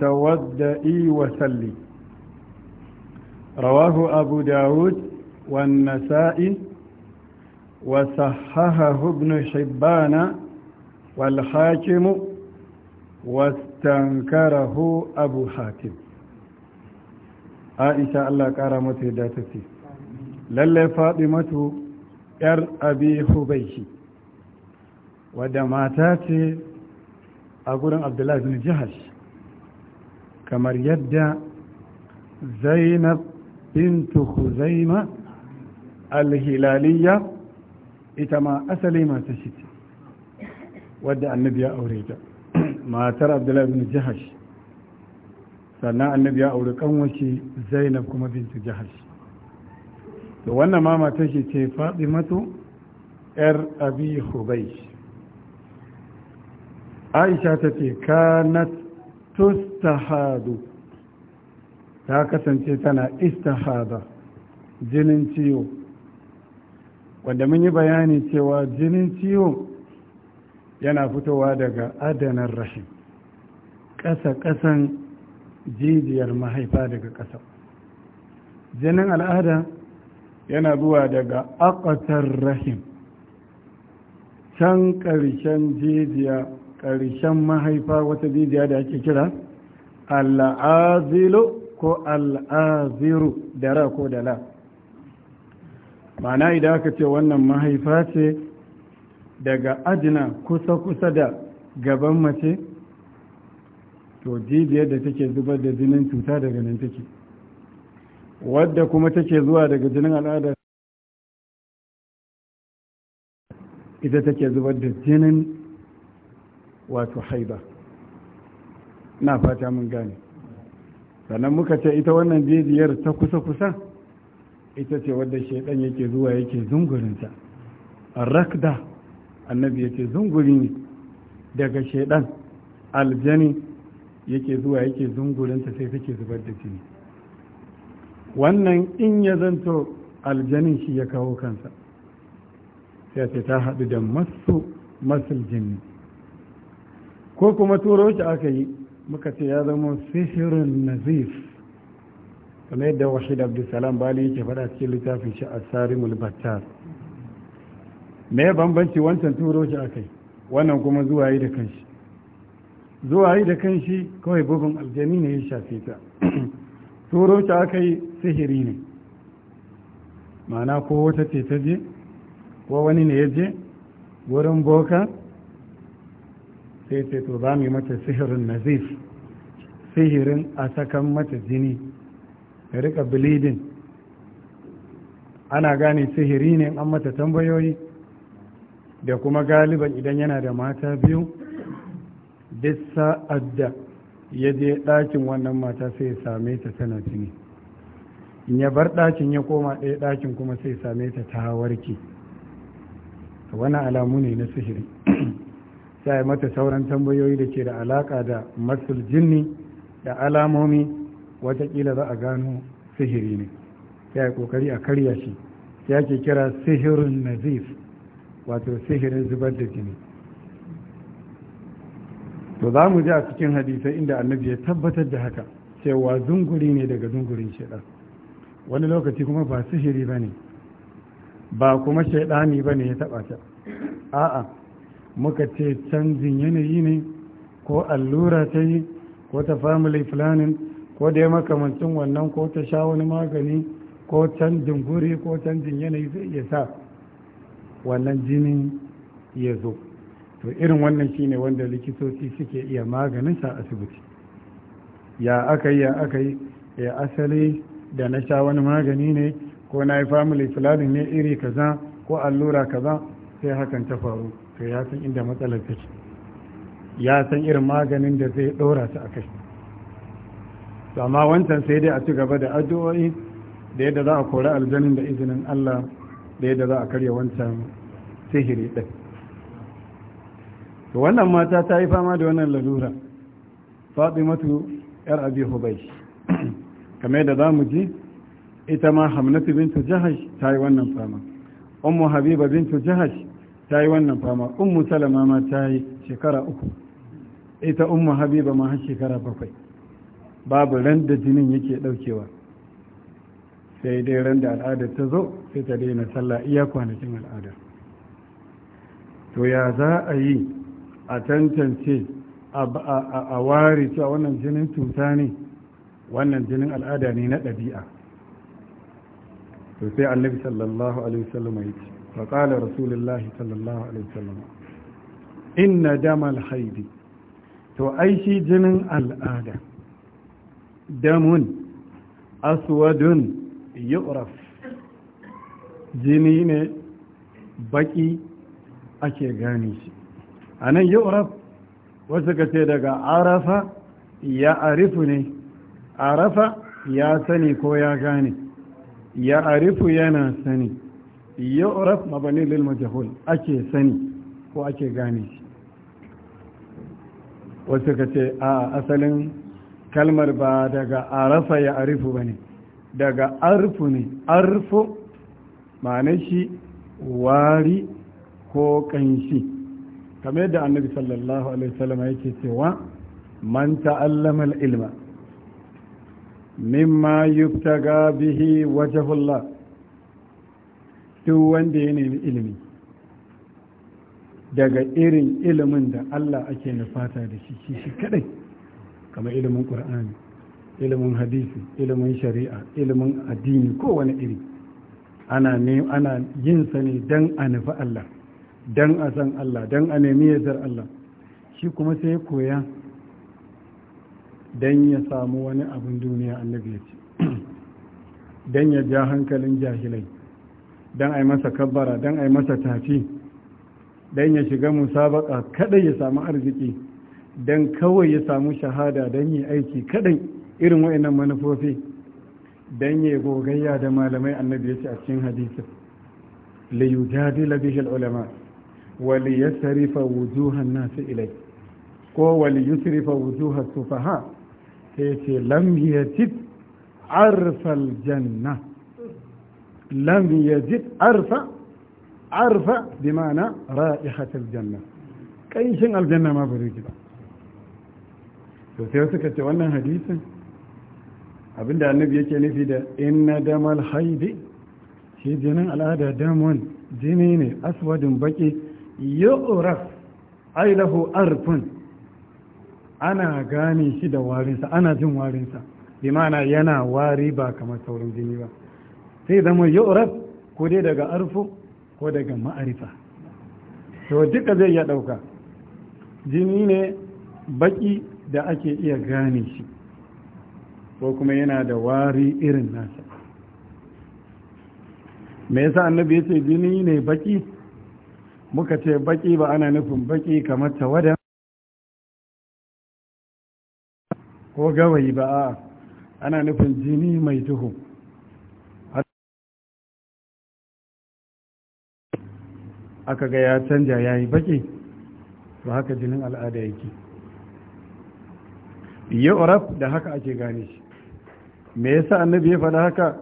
تودئي وسلي رواه أبو داود والنسائي وصححه ابن حبان والحاكم واستنكره أبو حاتم عائشة الله كرمت ذاتتي للي فاطمة ‘yar abi hubaishi wadda mata ce a gurin abdullahi bin jihash kamar yadda zainab bintu huzaima alhilaliya ita ma asali mata shi wadda annabi ya aure ta matar abdullahi bin jihash sannan annabi ya aure kanwashi zainab kuma bintu jihash to wannan ma matar shi ce fatimatu yar abi hubaish aisha ta ce kanat tustahadu ta kasance tana istahada jinin ciwo wanda mun yi bayani cewa jinin ciwo yana fitowa daga adanar rashin. ƙasa-ƙasan jijiyar mahaifa daga ƙasa jinin al'ada yana zuwa daga aƙatar rahim can ƙarshen jijiya ƙarshen mahaifa wata jijiya da ake kira al'azilo ko al'aziru da ra ko da la mana idan aka ce wannan mahaifa ce daga ajina kusa-kusa da gaban mace to jijiyar da take zubar da jinin cuta daga nan take wadda kuma take zuwa daga jinin al'ada ita take zubar da jinin wato haiba na fata mun gane sannan muka ce ita wannan jijiyar ta kusa-kusa ita ce wadda shaidan yake zuwa yake zungurinta rakda annabi yake zunguri ne daga shaidan aljani yake zuwa yake zungurinta sai take zubar da jini wannan in ya zanto aljanin shi ya kawo kansa sai ta haɗu da masu masul jini ko kuma turo shi aka yi muka ce ya zama sihirin nazif kamar yadda salam abdulsalam bali yake faɗa cikin littafin shi a sarimul me bambanci wancan turo shi aka yi wannan kuma zuwa yi da kanshi zuwa yi da kanshi kawai bugun aljami ne ya shafe ta turo shi aka yi sihiri ne ma'ana ko wata ce ta je ko wani ne ya je wurin boka sai ce to za mu yi mata sihirin nazif sihirin a sakan mata jini ya rika bilidin ana gane sihiri ne an mata tambayoyi da kuma galiban idan yana da mata biyu duk sa'ad da ya je ɗakin wannan mata sai ya same ta tana jini in ya bar ɗakin ya koma ɗaya ɗakin kuma sai ya same ta ta warke wani alamu ne na sihiri ya mata sauran tambayoyi da ke da alaƙa da masul jinni da alamomi watakila za a gano sihiri ne sai kokari a karya shi ya ke kira sihirin nazif wato sihirin zubar da jini to za mu ji a cikin hadisai inda annabi ya tabbatar da haka cewa zunguri ne daga zungurin shaidan wani lokaci kuma ba sihiri ba ne ba kuma shaidani ba ne ya taɓa ta a'a muka ce canjin yanayi ne ko allura ta yi ko ta family planning ko da ya makamancin wannan ko ta sha wani magani ko canjin guri ko canjin yanayi zai iya sa wannan jini ya zo to irin wannan shine wanda likitoci suke iya maganin sa asibiti ya aka yi ya aka yi ya asali da na sha wani magani ne ko na yi family planning ne iri kaza ko allura kaza sai hakan ta faru to ya san inda matsalar ta ce ya san irin maganin da zai ɗora su a kai amma wancan sai dai a ci gaba da addu'o'i da yadda za a kori aljanin da izinin Allah da yadda za a karya wancan sihiri ɗin to wannan mata ta yi fama da wannan lalura fatimatu yar abi hubai kamar da za mu ji ita ma hamnatu bintu jahash ta yi wannan fama ummu habiba bintu jahash ta yi wannan fama ummu salama ma ta yi shekara uku ita Umma habiba ma har shekara bakwai babu ran da jinin yake daukewa sai dai ran da al'adar ta zo sai ta daina sallah iya kwanakin al'ada. to ya za a yi a tantance a ware cewa wannan jinin cuta ne wannan jinin al'ada ne na ɗabi'a to sai annabi sallallahu alaihi wasallam ya ce فقال رسول الله صلى الله عليه وسلم إن دم الحيض to ai shi jinin al'ada damun aswadun yu'raf jini ne baki ake gane shi a nan yu'raf wasu ka daga arafa ya arifu ne arafa ya sani ko ya gane ya arifu yana sani yu'raf mabani lilma majhul ake sani ko ake gane shi wasu ka ce a asalin kalmar ba daga arafa ya'arifu arifu bane daga arfu arfo arfu ma'anar shi wari ko kanshi kamar yadda annabi sallallahu alaihi wasallam yake cewa man ta'allama al-ilma mimma yubtaga bihi wajhullah duk wanda ya nemi ilimi daga irin ilimin da Allah ake nufata da shi shi shi kadai kamar ilimin ƙur'ani, ilimin hadisi ilimin shari'a ilimin addini kowane iri ana ne yin sa ne don a nufi Allah don a san Allah don a nemi yardar Allah shi kuma sai ya koya don ya samu wani abin duniya annabi ya ce don ya ja hankalin jahilai don a yi masa kabbara don a yi masa tafi don ya shiga musabaka kada ya samu arziki don kawai ya samu shahada don yi aiki kadan irin wa'annan manufofi don ya gogayya da malamai annabi ya ce a cikin hadisi li yujadila bihi ulama wa li yasrifa wujuhan nas ilai ko wa li yusrifa wujuha sufaha sai ce lam yatib arfal jannah lam yajid arfa arfa bi ma'ana ra'ihatul janna kanshin aljanna ma ba zai ba to sai suka ce wannan hadisin abinda annabi yake nufi da inna damal haidi shi jinin al'ada damon jini ne aswadin baki yu'raf ai lahu ana gane shi da warinsa ana jin warinsa bi ma'ana yana wari ba kamar saurin jini ba sai zama yu'rab ko dai daga arfu ko daga ma'arifa to duka zai iya ɗauka jini ne baki da ake iya gane shi ko kuma yana da wari irin nasa me yasa annabi ya ce jini ne baki muka ce baki ba ana nufin baki kamar tawada ko gawayi ba a ana nufin jini mai duhu aka ga ya canja ya yi baki ba haka jinin al'ada yake yi'urab da haka ake gane shi me yasa annabi ya faɗa haka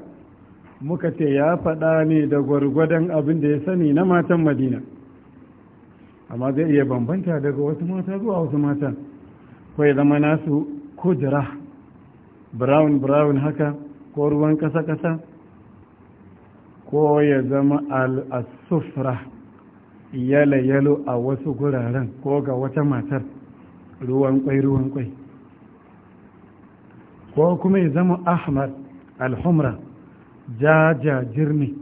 muka ce ya faɗa ne da gwargwadon abin da ya sani na matan madina amma zai iya bambanta daga wasu mata zuwa wasu mata kawai zama nasu kujira brown brown haka ko ruwan kasa-kasa ko ya zama al'asufra yalayalo yalo a wasu guraren ko ga wata matar ruwan kwai ruwan kwai ko kuma ya zama ahmar alhumra jaja jirni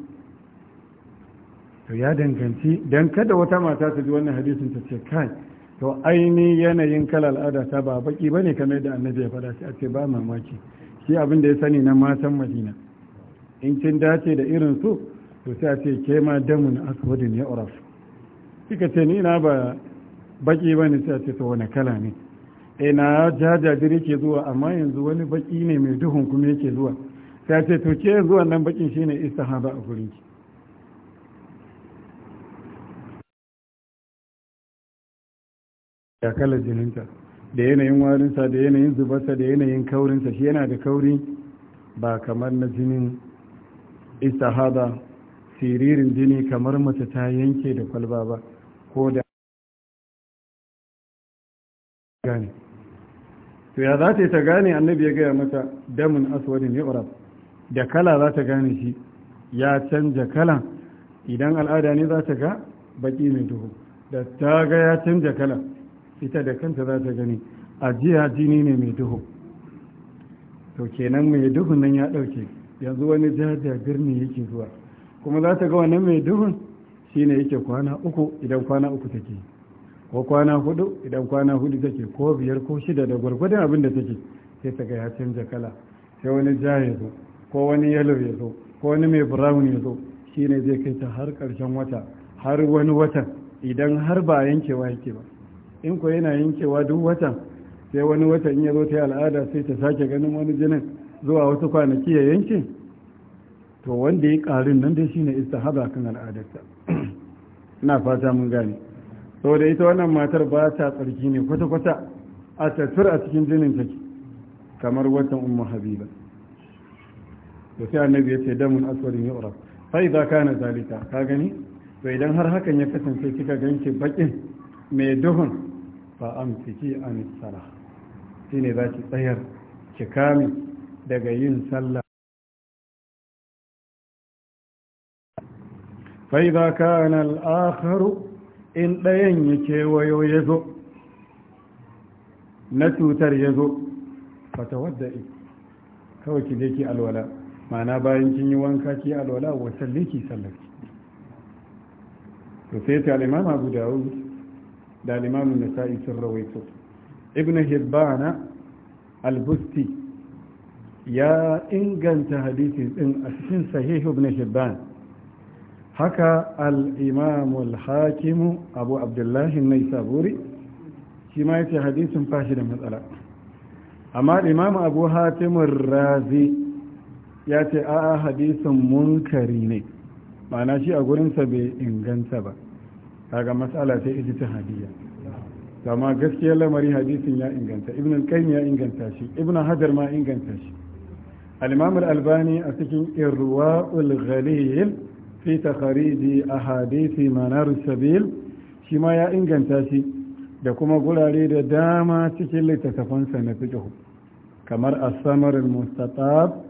to ya danganci don kada wata mata ta ji wannan hadisin ta ce kai to aini yanayin kala al'ada ta ba baki ba ne kamar da annabi ya faɗa shi a ce ba mamaki shi abin da ya sani na matan madina in kin dace da irin su to sai a ce ke ma damun asuwadin ya uraf suka ce ni na ba baki ba ne sai ce wani kala ne eh na jajajiri ke zuwa amma yanzu wani baki ne mai duhun kuma yake zuwa sai ce to ke zuwa nan bakin shine istihaba a gurin ki ya kala jininta da yanayin warinsa da yanayin zubarsa da yanayin kaurinsa shi yana da kauri ba kamar na jinin istihaba siririn jini kamar mace ta yanke da kwalba ba ko da gane to ya za ta yi ta gane annabi ya gaya mata damun aswadin ya da kala za ta gane shi ya canja kalan idan al'ada ne za ta ga baki mai duhu da ta ga ya canja kala ita da kanta za ta gani ajiya jini ne mai duhu to kenan mai duhun nan ya ɗauke yanzu wani jaja birni yake zuwa kuma za ta ga wannan mai duhun shine yake kwana uku idan kwana uku take ko kwana hudu idan kwana hudu take ko biyar ko shida da gwargwadon abin da take sai ta ga ya canza kala sai wani ja ya zo ko wani yalo ya zo ko wani mai brown ya zo shine zai kai ta har karshen wata har wani watan idan har ba yankewa yake ba in ko yana yankewa duk watan sai wani watan in ya zo ta yi al'ada sai ta sake ganin wani jinin zuwa wasu kwanaki ya yanke to wanda ya ƙarin nan dai shine istihaba kan al'adarsa ina fata mun gane da ita wannan matar ba ta tsarki ne kwata-kwata a tattar a cikin jinin take kamar watan umma habiba da sai annabi ya ce damun aswarin ya uraf sai za ka na zalika ka gani to idan har hakan ya kasance kika ganke bakin mai duhun fa amsiki an sala shine za ki tsayar ki kame daga yin sallah kewayo ya zo na cutar ya zo نتوتر wadda فتودئي kawai ki ki alwala mana bayan kin yi wanka ki alwala wa ki to sai ta al Abu Dawud da al-imam Nasa'i sun rawaito Ibn Hibbana al-Busti ya inganta hadisi din a cikin sahih Ibn Hibban haka al'imamul hakimu abu abdullahi mai saburi shi ma ya hadisin fashi da matsala amma imamu abu hatimun razi ya ce a'a hadisin munkari ne ma'ana shi a gurinsa bai inganta ba kaga matsala sai ita ta hadiya amma gaskiyar lamari hadisin ya inganta ibn al ya inganta shi ibn hajar ma inganta shi al-imam al-albani a cikin irwa'ul ghalil fi takhariji ahadisi manar sabil shi ma ya inganta shi da kuma gurare da dama cikin littattafansa na fiqh kamar as-samar al-mustatab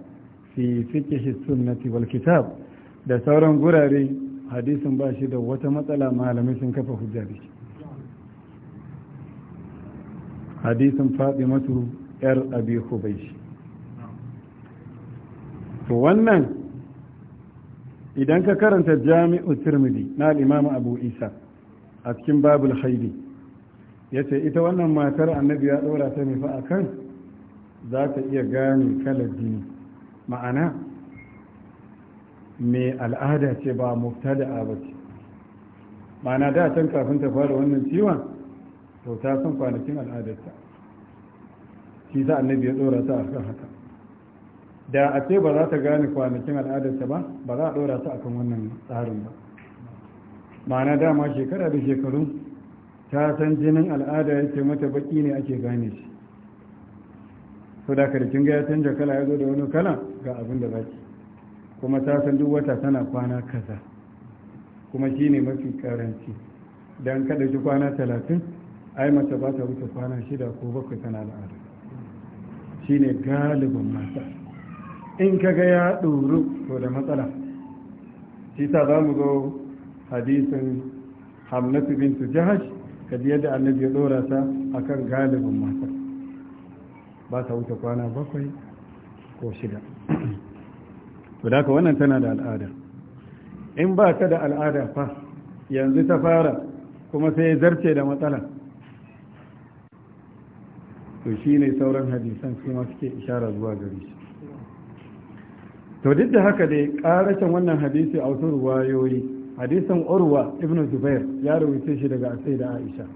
fi fiqh sunnati wal kitab da sauran gurare hadisin ba shi da wata matsala malamai sun kafa hujja da shi hadisin fatimatu yar abi hubayshi to wannan idan ka karanta jami'u tirmidhi na al'imamu abu isa a cikin babul haidi ya ce ita wannan matar annabi ya ɗora ta nufa a kan za ta iya gane kalar jini ma'ana mai al'ada ce ba mubtada ba ce ma'ana da can kafin ta fara wannan ciwon to ta san kwanakin al'adarta shi sa annabi ya ɗora ta a kan haka da a ce ba za ta gane kwanakin al'adarta ba ba za a ɗora ta akan wannan tsarin ba ma'ana dama shekara da shekaru ta san jinin al'ada yake mata baki ne ake gane shi so da karkin ga ya canja kala ya zo da wani kala ga abin da zaki kuma ta san duk wata tana kwana kaza kuma shi ne mafi karanci don kada shi kwana talatin ai mace ba ta wuce kwana shida ko bakwai tana al'ada shi ne galibin masu in kaga ya ɗoru to da matsala shi ta za mu zo hadisin hamnatu bintu jahash kadi yadda annabi ya ɗora ta akan galibin mata ba ta wuce kwana bakwai ko shida to da wannan tana da al'ada in ba ta da al'ada fa yanzu ta fara kuma sai ya zarce da matsala to shi ne sauran hadisan su suke ishara zuwa gari shi to duk da haka dai ƙarashin wannan hadisi a wasu ruwayoyi hadisin urwa ibn zubair ya rawaice shi daga asai da aisha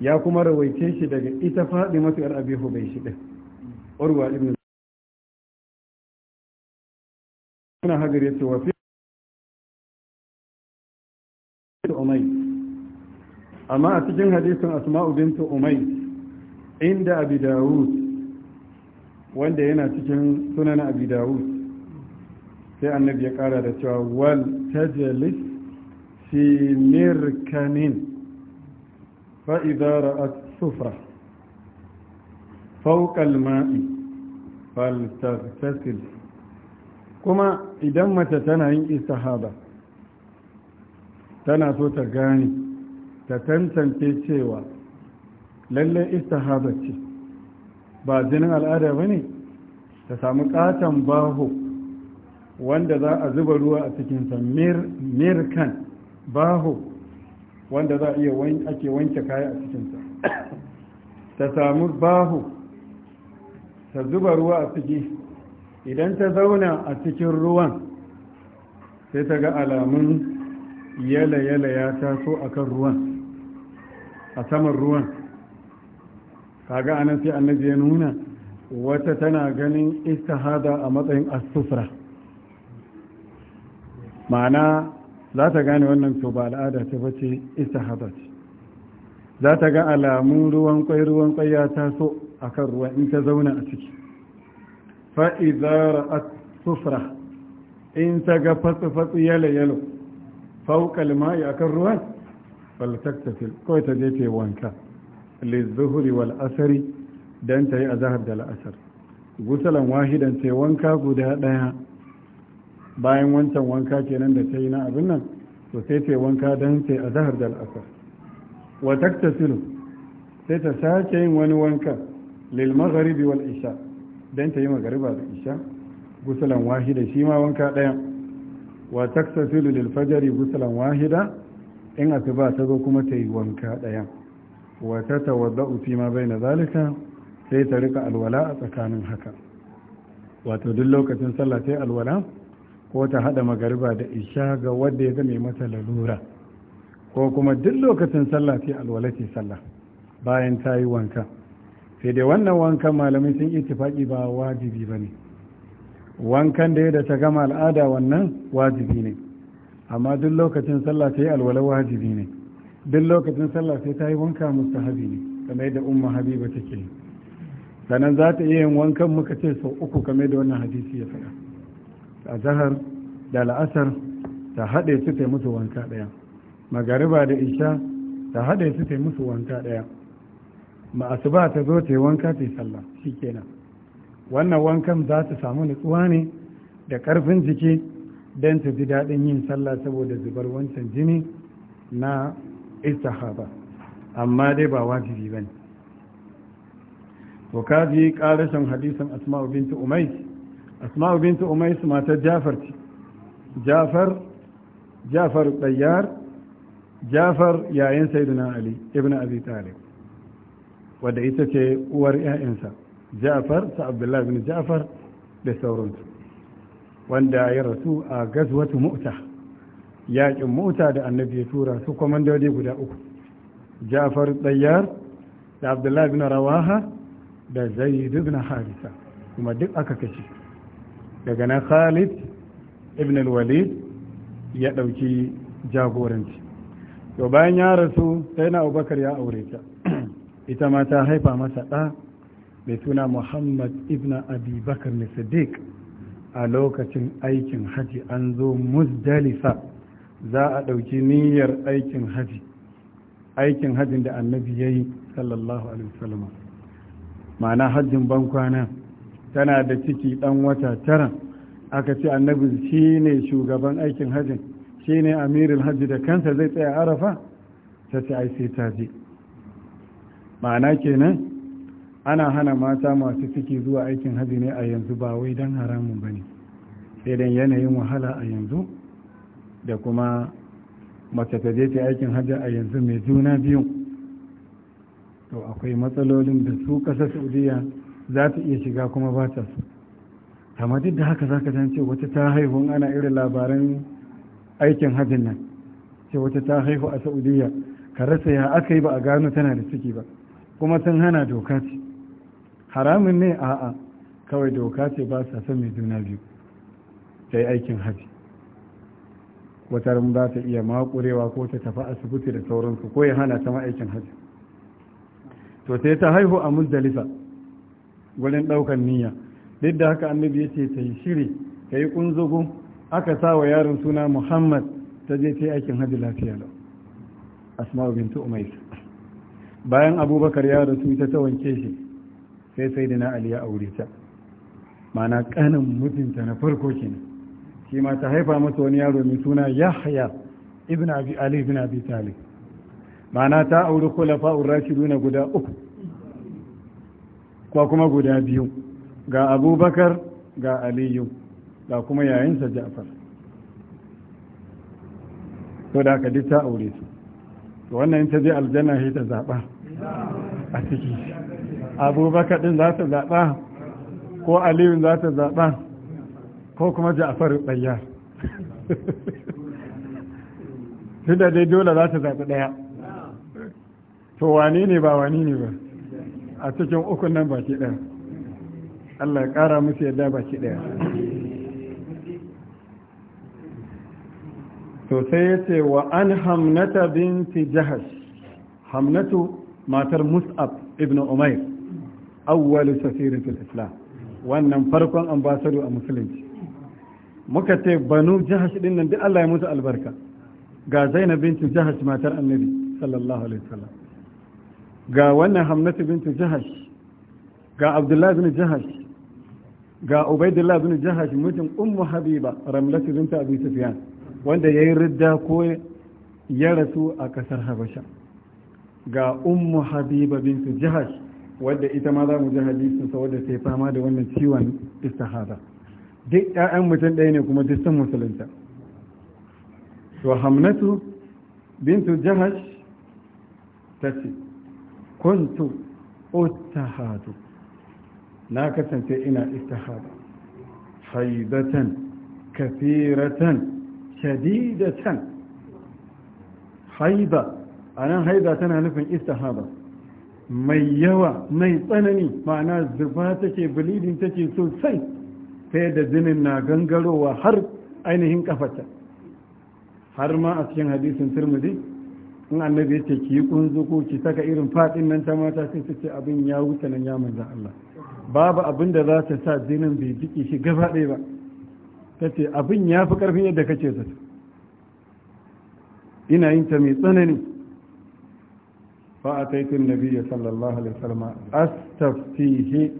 ya kuma rawaice shi daga ita faɗi yar abi shi ɗin urwa ibn zubair hagar ya ce wa fi umai amma a cikin hadisin asma'u bintu umai inda abi dawud wanda yana cikin sunan abi dawud sai annabi ya kara da cewa wal tajalis fi mirkanin fa idara ra'at sufra fawqa al-ma'i kuma idan mace tana yin istihaba tana so ta gane ta tantance cewa lalle istihaba ce ba jinin al'ada bane ta samu ƙaton baho wanda za a zuba ruwa a cikinsa mirkan baho wanda za a iya ake wanke kaya a cikinsa ta samu baho ta zuba ruwa a ciki idan ta zauna a cikin ruwan sai ta ga alamun yala-yala ya taso a kan ruwan a saman ruwan kaga anan sai annabi ya nuna wata tana ganin istihada a matsayin asufra ma'ana za ta gane wannan to ba al'ada ta bace istihaba ce za ta ga alamun ruwan kwai ruwan kwai ya taso a kan ruwa in ta zauna a ciki fa'izara a sufra in ta ga fatsu-fatsu yalo-yalo faukal ma'i a kan ruwan faltaktafil kawai ta je ce wanka lizuhuri wal asari don ta yi a zahar da la'asar gusalan wahidan ce wanka guda ɗaya bayan wancan wanka kenan da ta yi na abin nan to sai ta wanka don ta a zahar da al'asar wa taktasilu sai ta sake yin wani wanka lil magharibi wal isha don ta yi magariba da isha gusulan wahida shi ma wanka ɗaya wa taktasilu lil fajari gusulan wahida in asuba ta zo kuma ta yi wanka ɗaya wa ta tawadda'u fi ma na zalika sai ta rika alwala a tsakanin haka wato duk lokacin sallah sai alwala ko ta haɗa magariba da isha ga wadda ya zame mata lalura ko kuma duk lokacin sallah sai alwala ce sallah bayan ta yi wanka sai dai wannan wankan malamai sun ittifaki ba wajibi ba ne wankan da ya da ta gama al'ada wannan wajibi ne amma duk lokacin sallah sai alwala wajibi ne duk lokacin sallah sai ta yi wanka mustahabi ne kamar yadda umma habiba take sannan za ta iya yin wankan muka ce sau uku kamar da wannan hadisi ya faɗa a da la'asar ta haɗe su ta musu wanka ɗaya magariba da isha ta haɗe su ta musu wanka ɗaya asuba ta zo ta yi wanka ta sallah shi kenan wannan wankan za ta samu nutsuwa ne da ƙarfin jiki don ta ji daɗin yin sallah saboda zubar wancan jini na istihaba amma dai ba wajibi ba ne to ka ƙarashin hadisin asma'u Bintu umais asma'u bintu umais matar jafar ce jafar jafar ɗayyar jafar yayin sayyidina ali ibn abi talib wadda ita ce uwar 'ya'yansa jafar sa abdullahi bin jafar da sauransu wanda ya rasu a gazwatu mu'ta yaƙin mu'ta da annabi ya tura su kwamandodi guda uku jafar ɗayyar da abdullahi bin rawaha da zaid bin harisa kuma duk aka kashe daga nan khalid ibn al-walid ya ɗauki jagoranci to bayan ya rasu sai na abubakar ya aure ta ita ma ta haifa masa ɗa mai suna muhammad ibn abubakar na siddiq a lokacin aikin haji an zo muzdalifa za a ɗauki niyyar aikin haji aikin hajin da annabi ya yi sallallahu alaihi wasallam ma'ana hajjin bankwana tana da ciki ɗan wata tara aka ce annabi shi ne shugaban aikin hajjin shi ne amirin hajji da kansa zai tsaya arafa ta ce ai sai ta je ma'ana kenan ana hana mata masu ciki zuwa aikin hajji ne a yanzu ba wai don haramun ba ne sai don yanayin wahala a yanzu da kuma mace ta je ta aikin hajji a yanzu mai juna biyu to akwai matsalolin da su ƙasar saudiya za ta iya shiga kuma ba ta so amma duk da haka za ka cewa wata ta haihu ana irin labaran aikin hajjin nan ce wata ta haihu a saudiya ka rasa ya aka yi ba a gano tana da ciki ba kuma sun hana doka ce Haramin ne a'a kawai doka ce ba sa son mai juna biyu ta yi aikin hajji wata rin ba ta iya makurewa ko ta tafi asibiti da sauransu ko ya hana ta ma aikin hajji to sai ta haihu a muzdalifa gurin ɗaukar niyya duk da haka annabi ya ce ta yi shiri ta yi ƙunzugu aka sa wa yaron suna muhammad ta je ta yi aikin hajji lafiya lau asma'u bintu umais bayan abubakar ya rasu ta ta wanke shi sai sai da na ali ya aure ta mana kanin mutunta na farko ne. shi ma ta haifa masa wani yaro mai suna yahya ibn abi ali ibn abi talib mana ta auri khulafa'ur rashiduna guda uku ko kuma guda biyu ga abubakar ga aliyu ga kuma yayinsa ja'far to da aka ta aure su wannan ta je aljanna shi ta zaɓa a ciki abubakar ɗin za ta zaɓa ko aliyun za ta zaɓa ko kuma ja'far ɗaya Tunda da dai dole za ta zaɓi ɗaya to wani ne ba wani ne ba a cikin ukun nan baki ɗaya Allah ya ƙara musu yadda baki ɗaya sosai sai ya ce wa an hamnata binti jahash hamnatu matar mus'ab ibnu umair awwalu safirin fil islam wannan farkon ambasado a musulunci muka ce banu jahash din nan duk Allah ya musu albarka ga zainab binti jahash matar annabi sallallahu alaihi wasallam ga wannan hamnatu bintu jihar, ga abdullahi bin Jihar, ga ubaidullahi bin Jihar mutum ummu habiba ramlatu bintu abi sufyan wanda yayi ridda ko ya rasu a kasar habasha ga ummu habiba Bintu Jihar wadda ita ma za mu ji hadisin sa ta sai fama da wannan ciwon istihada duk ƴaƴan mutum ɗaya ne kuma duk san musulunta to hamnatu Bintu Jihar ta ce kuntu ustahadu na kasance ina istihada haibatan kafiratan shadidatan haiba a nan haiba tana nufin istihada mai yawa mai tsanani ma'ana zuba take bleeding take sosai ta yadda jinin na gangarowa har ainihin kafata har ma a cikin hadisin turmudi in annabi ya ce ki yi ko ki saka irin fadin nan ta mata sai su ce abin ya wuce nan ya manza Allah babu abin da za ta sa jinin bai jiki shi gaba ɗaya ba ta ce abin ya fi ƙarfin yadda kace ta ina yin ta mai tsanani fa a taitun nabi sallallahu alaihi wasallam astaftihi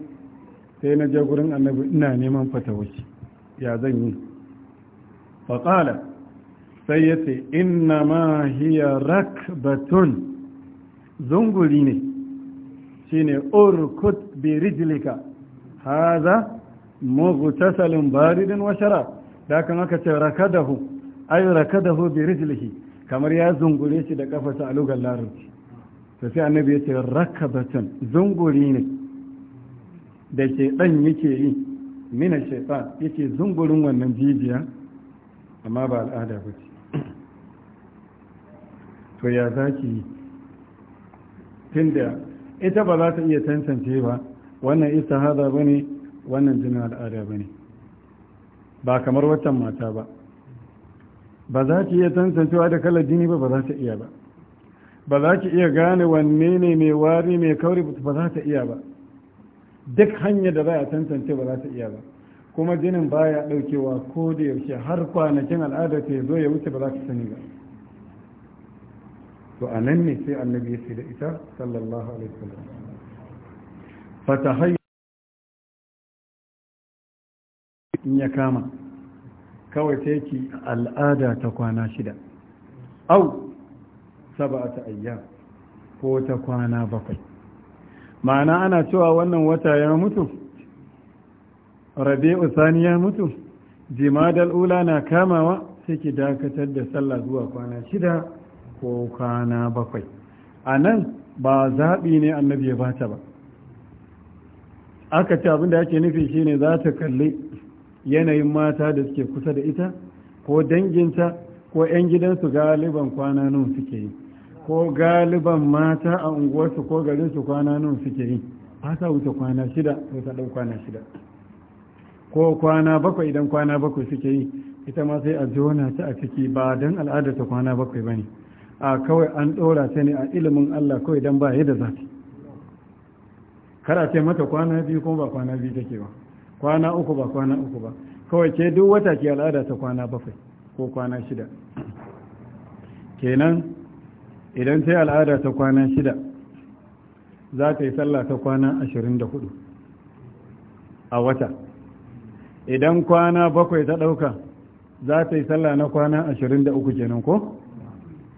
sai na je gurin annabi ina neman fatawaci ya zan yi fa sai ya ce ina ma hiya rakbatun zunguri ne shine urkut bi rijlika haza mughtasalun baridin wa shara da kan aka ce rakadahu ay da hu Birijiliki kamar ya zungure shi da kafasa a lugar larabci ta sai annabi ya ce batun zunguri ne da ke dan yake yi mina shaitan yake zungurin wannan jijiya amma ba al'ada ba ce to ya za ki yi tunda ita ba za ta iya tantance ba wannan istihada ba ne wannan jinin al'ada ba ne ba kamar watan mata ba ba za ki iya tantancewa da kalar jini ba ba za ta iya ba ba za ki iya gane wanne ne mai wari mai kauri ba za ta iya ba duk hanyar da za a tantance ba za ta iya ba kuma jinin baya daukewa ko da yaushe har kwanakin al'ada ta zo ya wuce ba za ta sani ba to a nan ne sai annabi ya ce da ita sallallahu alaihi wasallam fatahay in ya kama kawai sai ki al'ada ta kwana shida au saba'ata ayyam ko ta kwana bakwai ma'ana ana cewa wannan wata ya mutu rabi'u sani ya mutu jimadal ula na kamawa sai ki dakatar da sallah zuwa kwana shida ko kwana bakwai a nan ba zaɓi ne annabi ya bata ba aka ce abin da ake nufi shine za ta kalli yanayin mata da suke kusa da ita ko danginta ko 'yan gidansu galiban kwana nun suke yi ko galiban mata a unguwarsu ko garinsu kwana nun suke yi ba sa wuce kwana shida ko ta ɗau kwana shida ko kwana bakwai idan kwana bakwai suke yi ita ma sai a jona ta a ciki ba don al'adar ta kwana bakwai ba ne a kawai an ɗora ta ne a ilimin Allah kawai don ba yadda za ta kada ce mata kwana biyu kuma ba kwana biyu take ba kwana uku ba kwana uku ba kawai ke duk wata ke al'ada ta kwana bakwai ko kwana shida kenan idan ta yi al'ada ta kwana shida za ta yi sallah ta kwana ashirin da hudu a wata idan kwana bakwai ta ɗauka za ta yi sallah na kwana ashirin da uku kenan ko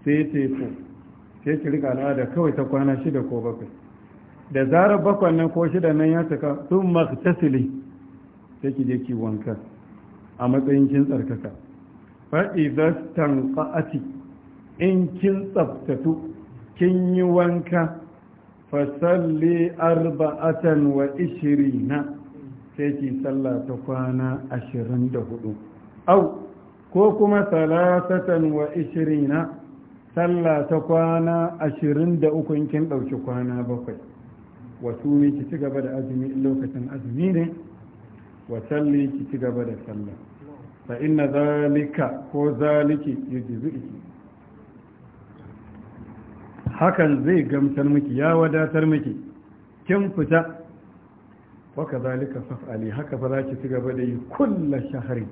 sai ya ce sai ki rika al'ada kawai ta kwana shida ko bakwai da zarar bakwai nan ko shida nan ya saka sun maktasili sai ki je ki wanka a matsayin kin tsarkaka faɗi zastan ƙa'ati in kin tsaftatu kin yi wanka fasalli arba'atan wa ishirina sai ki sallah ta kwana ashirin da hudu au ko kuma salasatan wa ishirina sallah ta kwana ashirin da uku in kin ɗauki kwana bakwai wasu ne ki ci gaba da azumi lokacin azumi ne wa salli ki ci gaba da sallah fa inna zalika ko zaliki yujzi'iki hakan zai gamsar miki ya wadatar miki kin fita wa kadhalika fa'ali haka fa za ki ci gaba da yi kullu shahri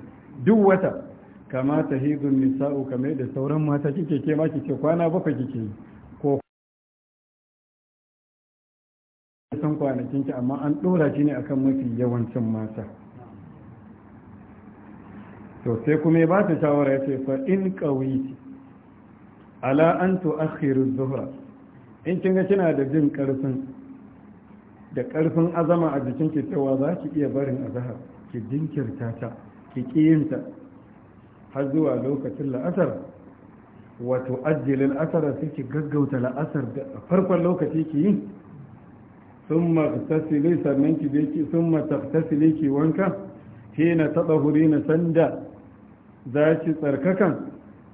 duk wata kama ta hizun nisa'u kamar da sauran mata kike ke ma kike kwana bakwai kike ko san kwanakin ki amma an dora shi ne akan mafi yawancin mata to sai kuma ya ba ta shawara yace fa in qawiti ala an tu'akhiru zuhra in kin ga kina da jin karfin da karfin azama a jikin ki cewa za ki iya barin azhar ki dinkirta ta ki kiyinta har zuwa lokacin la'asar wato ajiyar la'asar suke gaggauta la'asar da farkon lokaci ki yi sun matasile sannan ki je ki sun matasile ki wanka hina taɓa huri na sanda za ki tsarkakan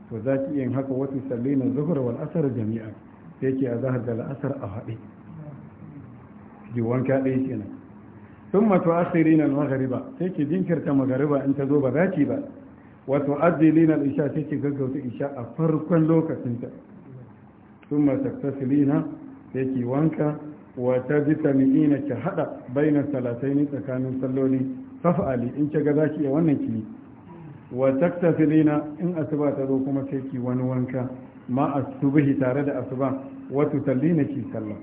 to za ki yin haka wasu salli na zuhur wal asar jami'a sai ki a zahar da la'asar a haɗe ki wanka ɗaya kenan sun matasile na magariba sai ki jinkirta magariba in ta zo ba za ki ba wato ajilin al-isha sai ki gaggauta isha a farkon lokacinta ثم تغتسلين sai ki wanka wa ta vitaminina hada baina salataini tsakanin salloli faf'ali in ki ga zaki iya wannan kini. wa taktafilina in asuba ta zo kuma sai ki wani wanka ma asubhi tare da asuba wa tusallina ki sallah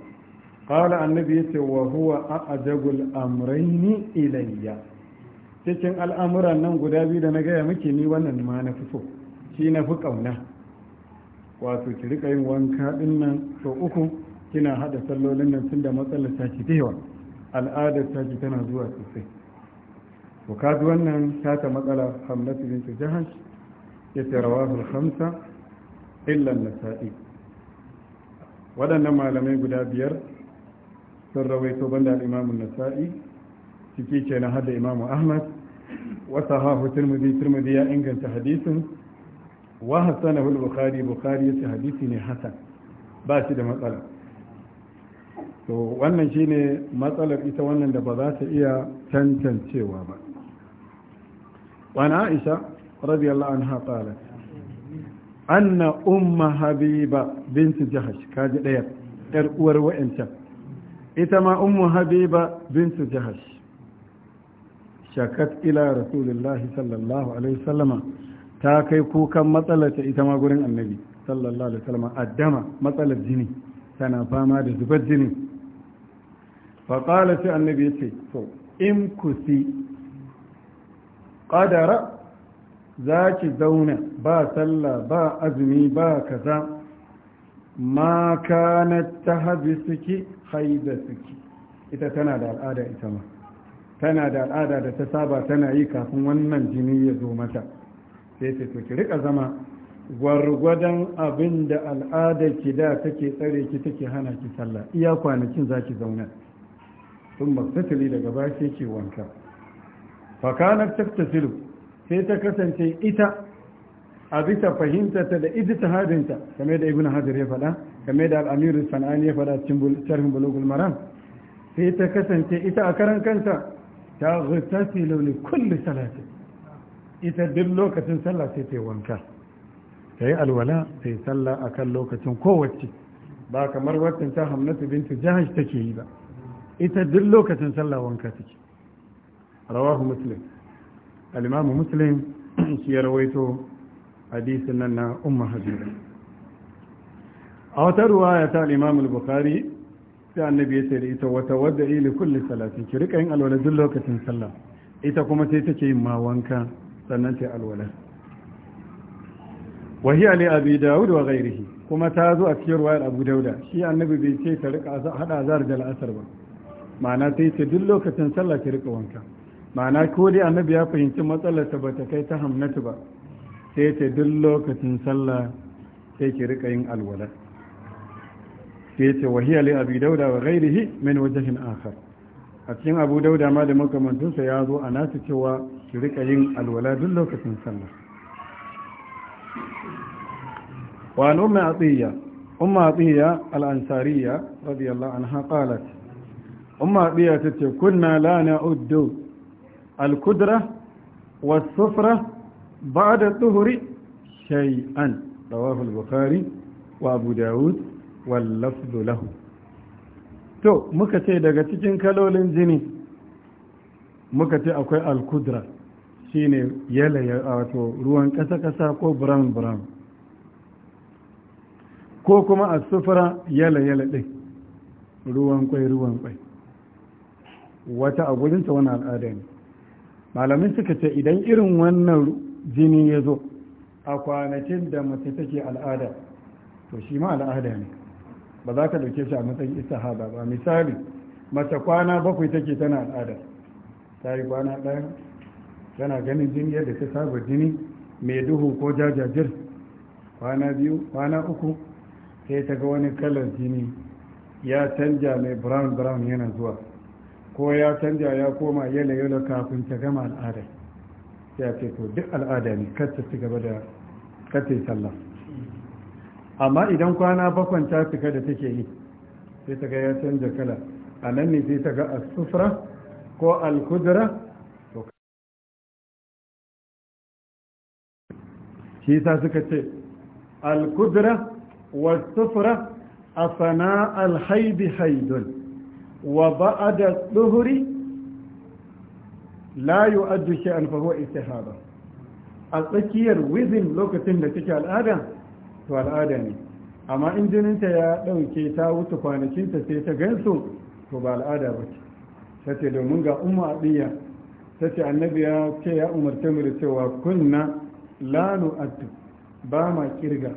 qala annabi yace wa huwa a'jabul amrayni ilayya cikin al'amuran nan guda biyu da na gaya miki ni wannan ma na fi so shi na fi ƙauna wato ki rika yin wanka ɗin nan sau uku kina haɗa sallolin nan tun da matsalar ta ki yawa al'adar ta tana zuwa sosai to ka ji wannan ta matsala hamlatu bintu jahash ya ce rawahu hamsa illan sa'i. waɗannan malamai guda biyar sun rawaito banda al'imamun sa'i ciki ke na hada imamu ahmad وصحاه ترمذي ترمذي يا انغنت حديث وحسنه البخاري بخاري تحديثني حسن ne hasan ba shi da matsala to wannan shine matsalar ita wannan da عائشة رضي الله عنها قالت أن أم حبيبة بنت جهش كاجد إير إر أور إتما أم حبيبة بنت جهش shakat ila rasulullahi sallallahu alaihi wasallama ta kai kukan matsalar ta ita ma gurin annabi sallallahu alaihi wasallama addama matsalar jini tana fama da zubar jini fa qala sai annabi yace to in kusi qadara za ki zauna ba sallah ba azumi ba kaza ma ta tahbisuki haidasuki ita tana da al'ada ita ma tana da al'ada da ta saba tana yi kafin wannan jini ya zo mata sai ta to ki rika zama gwargwadon abin da al'ada ki da take tsare ki take hana ki sallah iya kwanakin za ki zauna sun baktatali daga ba sai ke wanka fakanar taftasilu sai ta kasance ita a bisa fahimtata da ta hadinta, game da ibnu hajar ya faɗa game da al-amir ya faɗa cikin sharhin bulogul maram sai ta kasance ita a karan kanta ta ghtasilu ne kulle salatin ita duk lokacin sallah sai ta yi wanka ta yi alwala ta yi sallah a kan lokacin kowace ba kamar watan ta hamnatu bintu jihar ke yi ba ita duk lokacin sallah wanka ke rawahu muslim alimamu muslim shi ya rawaito hadisin nan na umma habiba a wata ya ta alimamu bukari sai annabi ya ce da ita wata wadda ili kulli salatin ki rika yin alwala duk lokacin sallah ita kuma sai take yin ma wanka sannan ta alwala wa hiya li abi daud wa ghayrihi kuma ta zo a cikin ruwayar abu dauda shi annabi bai ce ta rika hada azar da al'asar ba ma'ana sai ta duk lokacin sallah ki rika wanka ma'ana ko dai annabi ya fahimci matsalar ta bata kai ta hamnatu ba sai ta duk lokacin sallah sai ki rika yin alwala كيتي وهي لأبي دودة وغيره من وجه آخر أتين أبو دودة ما دمك من تنسى يازو أنا تتوى شريك أين الولاد دلو كتنسل وعن أم عطية أم عطية الأنسارية رضي الله عنها قالت أم عطية كنا لا نعد الكدرة والصفرة بعد الظهر شيئا رواه البخاري وابو داود wallafdu lahu to muka ce daga cikin kalolin jini muka ce akwai alkudra shine ya wato ruwan ƙasa-ƙasa ko brown brown ko kuma a sufura yala-yala ɗin ruwan kwai ruwan kwai wata a gudunta wani al'ada ne malamin suka ce idan irin wannan jini ya zo a kwanakin da mace take al'ada to shi ma al'ada ne ba za ka dauke shi a matsayin haɗa ba misali mace kwana bakwai take tana al'ada ta yi kwana ɗaya tana ganin jini yadda ta saba jini mai duhu ko jajajir kwana biyu kwana uku sai ta ga wani kalar jini ya canja mai brown brown yana zuwa ko ya canja ya koma yalo yalo kafin ta gama al'ada ya ce to duk al'ada ne kar ta ci gaba da kar sallah amma idan kwana bakwai ta cika da take yi sai ta ga ya canza kala a nan ne sai ta ga asufra ko alkudura to shi ta suka ce alkudura wasufra a sana alhaidi haidun wa ba'ada tsuhuri la yu'addu shay'an fa huwa istihaba a tsakiyar wizin lokacin da take al'ada to al'ada ne amma in jininta ya ɗauke ta wuce kwanakinta sai ta gansu to ba al'ada ba ce ta ce domin ga umma adiyya ta ce annabi ya ce ya umarce mu da cewa kunna lanu addu ba ma kirga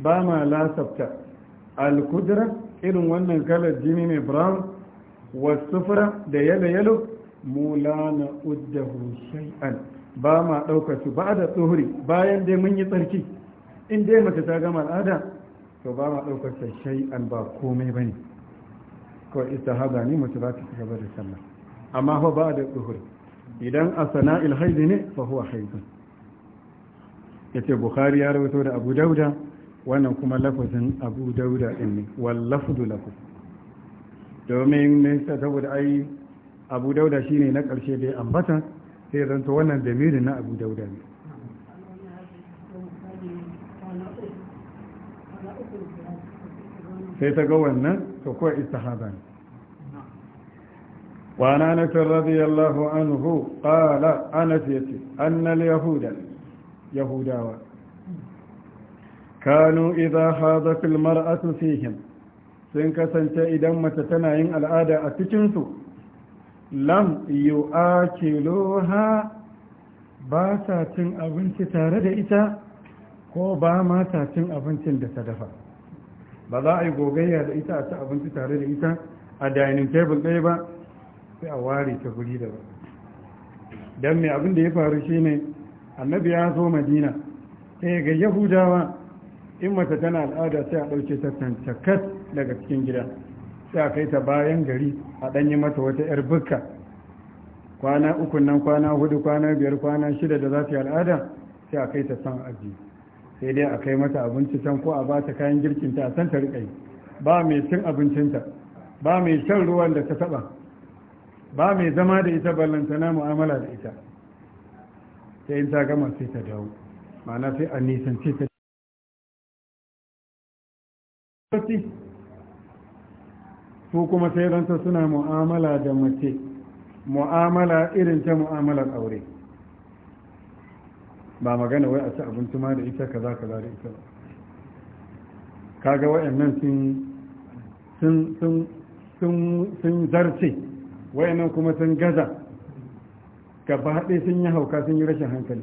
ba ma lasafta Al-kudra irin wannan kalar jini mai brown wasufura da yalo-yalo mu lana uddahu shay'an ba ma ɗaukar su ba da tsohuri bayan dai mun yi tsarki in dai mace ta gama al'ada to ba ma ɗaukar ta ba komai ba ne kawai haɗa ne mace ba ta ci gaba da sallah amma fa ba da tsuhuri idan a sana'il haidi ne fa huwa haidun ya ce bukhari ya rawato da abu dauda wannan kuma lafazin abu dauda ɗin ne wallafudu lafu domin nesa saboda ai abu dauda shine na ƙarshe da ya ambata sai zanto wannan damirin na abu dauda ne sai ta ga wannan to ko istihada ne na nufin radiyallahu الله عنه قال ana يتي annal اليهود يهودا Kanu اذا حاضت filmar asusihin sun kasance idan mace tana yin al'ada a cikinsu lam yu'akiluha ba sa cin abinci tare da ita ko ba ma sa cin abincin da ta dafa ba za a yi gogayya da ita a ci abinci tare da ita a dining table ɗaya ba sai a ware ta guri da ba don mai abin da ya faru shi ne annabi ya zo madina sai ga yahudawa in mata tana al'ada sai a ɗauke ta tantakas daga cikin gida sai a kai ta bayan gari a ɗan yi mata wata 'yar bukka kwana uku nan kwana hudu kwana biyar kwana shida da za ta yi al'ada sai a kai ta san aji sai dai a kai mata abinci can ko a ba ta kayan girkinta a san ta riƙa yi ba mai cin abincinta ba mai shan ruwan da ta taɓa ba mai zama da ita ballantana mu'amala da ita sai in ta gama sai ta dawo ma'ana sai a nisance ta su kuma sai ranta suna mu'amala da mace mu'amala irin ta mu'amalar aure ba magana wai a ci abinci ma da ita kaza kaza da ita ba kaga wayannan sun sun sun sun zarce wayannan kuma sun gaza gaba haɗe sun yi hauka sun yi rashin hankali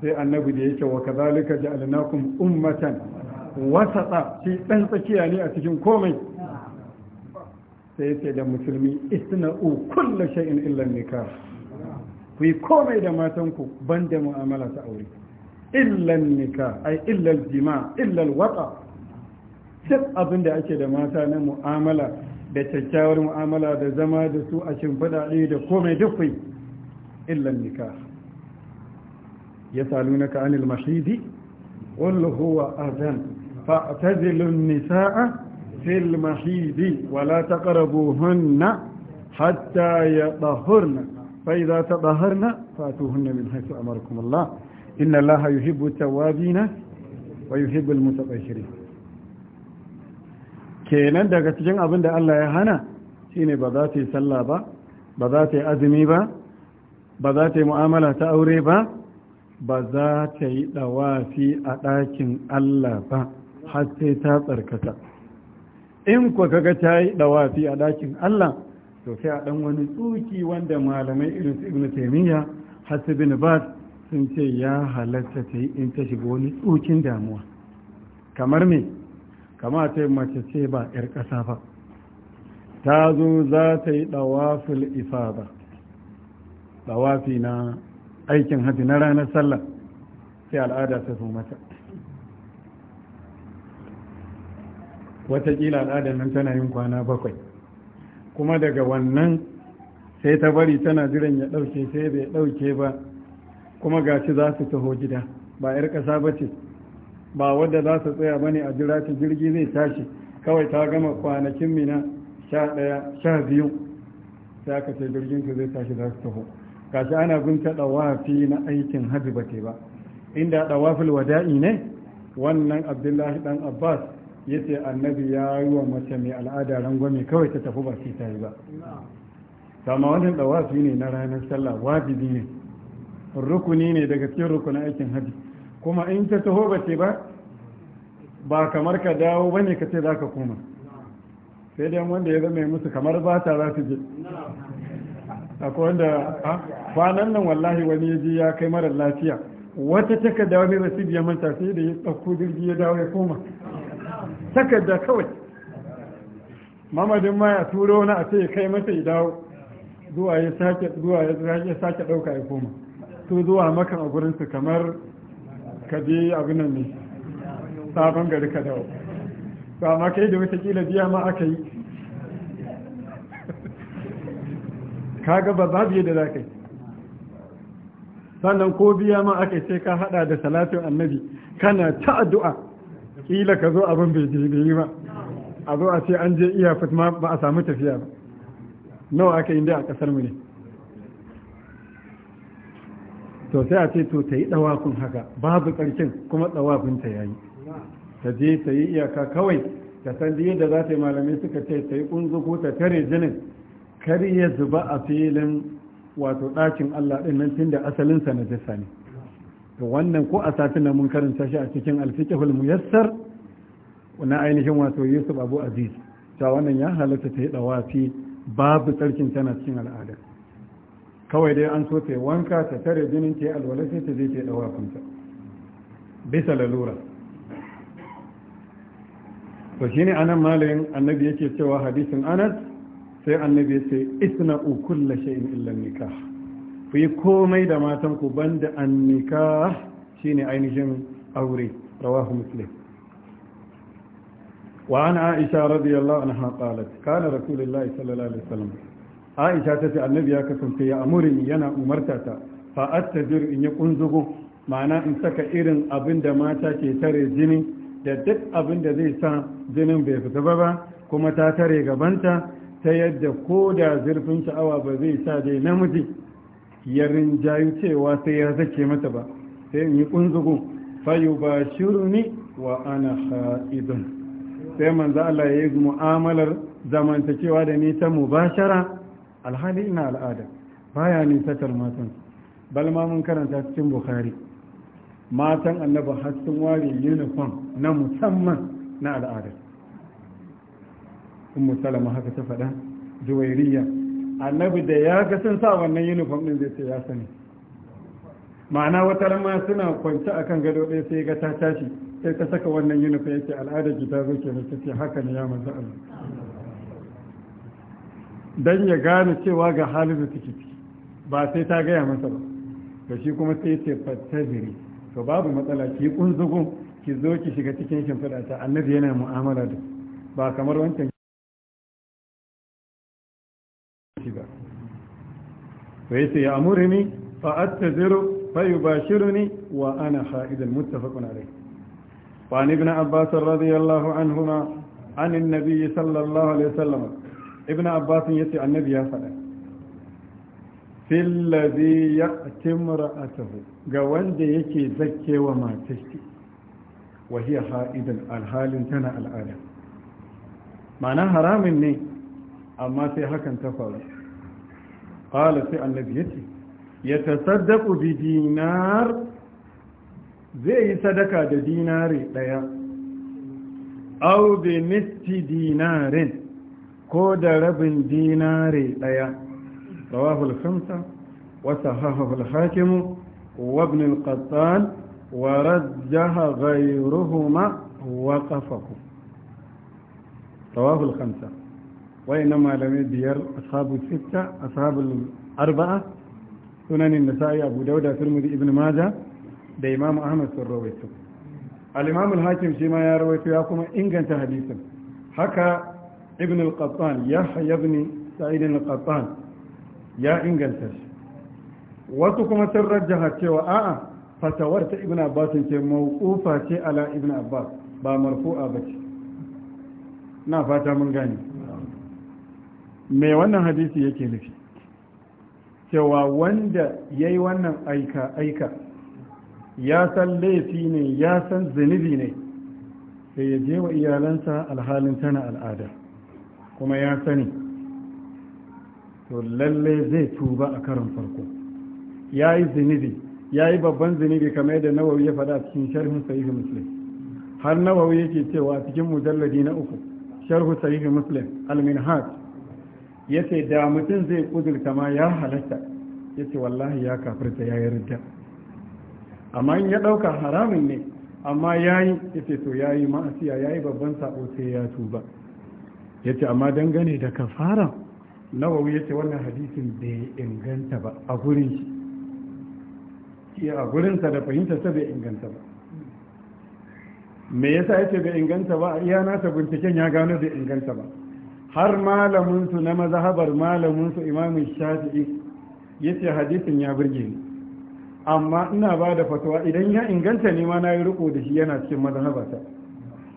sai annabi da yake wa kazalika ja'alnakum ummatan wasata shi dan tsakiya ne a cikin komai sai yace da musulmi istina'u kullu shay'in illa nikah ku yi komai da matanku ban da mu'amala ta aure illal nika ai illal jima illal wata duk abin da ake da mata na mu'amala da kyakkyawar mu'amala da zama da su a cikin fadaɗe da komai duk kai illal nika ya salu na anil mashidi wani huwa azan fa'tazilun nisa'a fil mashidi wala taqrabuhunna hatta yadahurna فإذا تطهرن فأتوهن من حيث أمركم الله إن الله يحب التوابين ويحب المتطهرين kenan daga cikin abin da Allah ya hana shine ba za ta yi sallah ba ba za ta yi azumi ba ba za ta yi mu'amala ta aure ba ba za ta yi dawafi a ɗakin Allah ba har sai ta tsarkaka. in kuwa ga ta yi dawafi a ɗakin Allah to sai a dan wani tsuki wanda malamai irin su ibnu taymiya hasu bin bas sun ce ya halatta ta yi in ta shiga wani tsukin damuwa kamar me kama ta yi mace ce ba yar ƙasa ba ta zo za ta yi ɗawafil ifada ɗawafi na aikin hajji na ranar sallah sai al'ada ta zo mata Wataƙila al'adar nan tana yin kwana bakwai kuma daga wannan sai ta bari tana jiran ya ɗauke sai bai ɗauke ba kuma gashi za su taho gida ba 'yar ƙasa ba ce ba wadda za su tsaya bane a jira ta jirgi zai tashi kawai ta gama kwanakin mina sha ɗaya sha biyu sai aka ce jirgin su zai tashi za su taho gashi ana gunta ɗawafi na aikin hajji ba ba inda ɗawafil wada'i ne wannan abdullahi ɗan abbas ya ce annabi ya yi wa mace mai al'ada rangwame kawai ta tafi ba sai ta yi ba sama wannan dawafi ne na ranar sallah wajibi ne rukuni ne daga cikin rukunin aikin hajji kuma in ta taho ba ce ba ba kamar ka dawo ba ne ka ce za ka koma sai dai wanda ya zama musu kamar ba ta za su je akwai wanda kwanan nan wallahi wani ya ji ya kai mara lafiya wata taka dawo mai rasu biya manta sai da ya ɗauko jirgi ya dawo ya koma takarda kawai mamadin ma ya turo wani a ce ya kai masa ya dawo zuwa ya sake zuwa ya sake ɗauka ya koma to zuwa makan a su kamar ka je abin nan ne sabon gari ka dawo ba ma kai da kila biya ma aka yi kaga ba babu yadda za ka yi sannan ko biya ma aka yi sai ka hada da salatin annabi kana ta addu'a kila ka zo abin bai daidai ba a zo a ce an je iya ba a samu tafiya ba nawa aka yi a kasar mu ne to sai a ce to ta yi ɗawakun haka babu ƙarshen kuma dawakun ta yayi ta je ta yi iyaka kawai ta san yadda za ta yi malamai suka ce ta yi ƙunzu ko ta tare jinin kar ya zuba a filin wato ɗakin Allah ɗin nan tun da asalinsa na ne to wannan ko a satin mun karanta shi a cikin alfiqhul muyassar na ainihin wato Yusuf Abu Aziz ta wannan ya halatta ta yi dawafi babu tsarkin tana cikin al'ada kawai dai an so ta wanka ta tare jinin ta alwala sai ta je ta yi dawafin bisa lalura to shine anan malamin annabi yake cewa hadisin Anas sai annabi ya ce isna'u kullu shay'in illa nikah ku yi komai da matanku banda annika shine ainihin aure rawahu muslim wa ana aisha radiyallahu anha qalat kana rasulullahi sallallahu alaihi wasallam aisha ta ce annabi ya kasance ya amurini yana umarta ta fa jiru in ya kunzugu ma'ana in saka irin abin da mata ke tare jini da duk abin da zai sa jinin bai fita ba ba kuma ta tare gabanta ta yadda ko da zurfin sha'awa ba zai sa dai namiji ya jayu cewa sai ya zake mata ba sai in yi kunzugu fayu ba shirni wa ana ha'idun sai manzo Allah ya yi mu'amalar zamantakewa da ni ta mubashara alhali ina al'ada baya ni satar matan balma mun karanta cikin bukhari matan annaba har sun ware uniform na musamman na al'ada ummu salama haka ta faɗa juwairiya annabi da ya ga sun sa wannan uniform din zai ce ya sani ma'ana wata rama suna kwance kan gado ɗaya sai ga ta tashi sai ta saka wannan uniform yake al'ada ki ta zo ke ta ce haka ne ya manzo Allah don ya gane cewa ga halin da take ciki ba sai ta gaya masa ba da shi kuma sai ce fattabiri to babu matsala ki kunzugun ki zo ki shiga cikin shimfiɗa ta annabi yana mu'amala da ba kamar wancan fa yace ya amurni fa attaziru fa ni wa ana kha'idan muttafaqun alayh wa an ibn abbas radiyallahu anhuma an annabi sallallahu alaihi wasallam ibn abbas ya ce annabi ya faɗa fil ladhi ya'tim ra'atahu ga wanda yake zakkewa matashi wa hiya ha'idan alhalin tana al'ada ma'ana haramin ne amma sai hakan ta faru qala sai annabi yace ya tasaddaqu bi dinar zai yi sadaka da dinari daya aw bi dinarin ko da rabin dinari daya rawahul khamsa wa sahahahu al-hakim wa ibn al-qattan wa rajjaha ghayruhuma wa qafahu rawahul khamsa wayannan malamai biyar ashabu sitta ashabul arba'a sunanin nasa'i abu dauda turmudi ibn maja da imam ahmad sun rawaito al-imam hakim shi ma ya rawaito ya kuma inganta hadisin haka ibn al-qattan yahya sa'id al-qattan ya inganta shi wasu kuma sun rajjaha cewa a'a fatawar ta ibn abbas ce mawqufa ce ala ibn abbas ba marfu'a bace na fata mun gane me wannan hadisi yake nufi cewa wanda ya yi wannan aika-aika ya san laifi ne ya san zunubi ne sai ya je wa iyalansa alhalin tana al'ada kuma ya sani to lalle zai tuba a karin farko ya yi zunubi ya yi babban zunubi kamar yadda nawawi ya faɗa cikin sharhin sahihi muslim har nawawi yake cewa cikin mujalladi na uku sharhu sahihi muslim al-minhaj Yace da mutum zai kudurta ma ya halatta yace ce wallahi ya kafirta ya yi amma in ya ɗauka haramin ne amma ya yi ya ce to ya yi ma'asiya ya yi babban sabo sai ya tuba ya ce amma dangane da kafara nawawi ya ce wannan hadisin bai inganta ba a gurin shi a gurinsa da fahimtarsa bai inganta ba me yasa yace ce bai inganta ba iya nasa binciken ya gano bai inganta ba har malaminsu na mazhabar malaminsu imamu shafi'i ya ce hadisin ya burge ni amma ina ba da fatawa idan ya inganta ne ma na yi riko da shi yana cikin mazhabarsa